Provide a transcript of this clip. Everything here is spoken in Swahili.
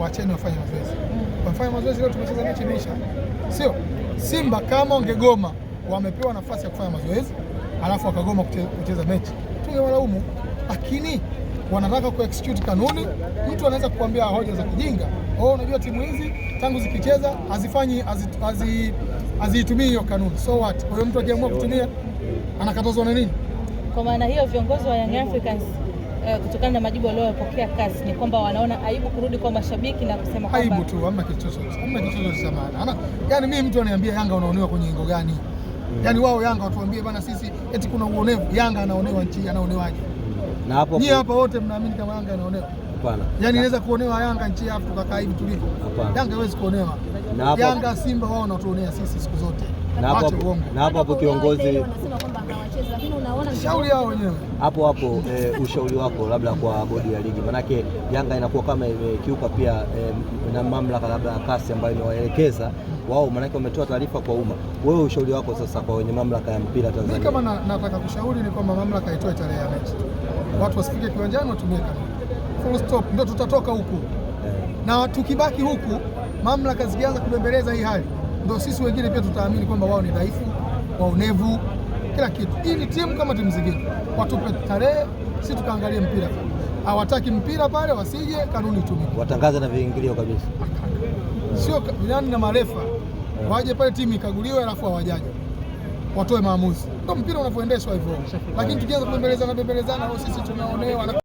waacheni wafanye mazoezi. Wafanye mazoezi, leo tumecheza mechi imeisha, sio? Simba kama ungegoma, wamepewa nafasi ya kufanya mazoezi alafu wakagoma kucheza mechi, tungewalaumu, lakini wanataka ku execute kanuni. Mtu anaweza kukuambia hoja za kijinga, oh, unajua timu hizi tangu zikicheza hazifanyi haziitumii hiyo kanuni, so what? Kwa hiyo mtu akiamua kutumia anakatazwa na nini? Kwa maana hiyo viongozi wa Young Africans eh, kutokana na majibu waliyopokea kazi ni kwamba wanaona aibu kurudi kwa mashabiki na kusema kwamba aibu tu, hamna kitu chochote, hamna kitu chochote cha maana. yani, mimi mtu ananiambia Yanga unaonewa kwenye ingo gani? Mm. yani wao Yanga watuambie bana, sisi eti kuna uonevu, Yanga anaonewa nchi, anaonewaje? Na hapo nyie hapa wote mnaamini kama Yanga anaonewa? Hapana. Yani inaweza kuonewa Yanga nchi hapo tukakaa hivi tulipo? Hapana. Yanga haiwezi kuonewa. Na hapo Yanga Simba wao wanatuonea sisi siku zote. Na hapo na hapo kiongozi wanasema kwamba shauri yao wenyewe. Hapo hapo e, ushauri wako labda kwa bodi ya ligi, manake Yanga inakuwa kama imekiuka pia e, na mamlaka labda ya kasi ambayo inawaelekeza wao, manake wametoa taarifa kwa umma. Wewe ushauri wako sasa kwa wenye mamlaka ya mpira Tanzania? Kama na, nataka kushauri ni kwamba mamlaka itoe tarehe ya mechi, watu wasifike kiwanjani, watumie full stop, ndio tutatoka huku eh. na tukibaki huku, mamlaka zikianza kubembeleza hii hali, ndio sisi wengine pia tutaamini kwamba wao ni dhaifu, waonevu kila kitu, ili timu kama timu zingine watupe tarehe, si tukaangalie mpira. Hawataki mpira pale, wasije, kanuni itumike, watangaze na viingilio kabisa, sio vilani na marefa eh. waje pale timu ikaguliwe, alafu hawajaje watoe maamuzi. Ndio mpira unavyoendeshwa hivyo, lakini tukianza kubembelezana bembelezana, sisi tumeonewa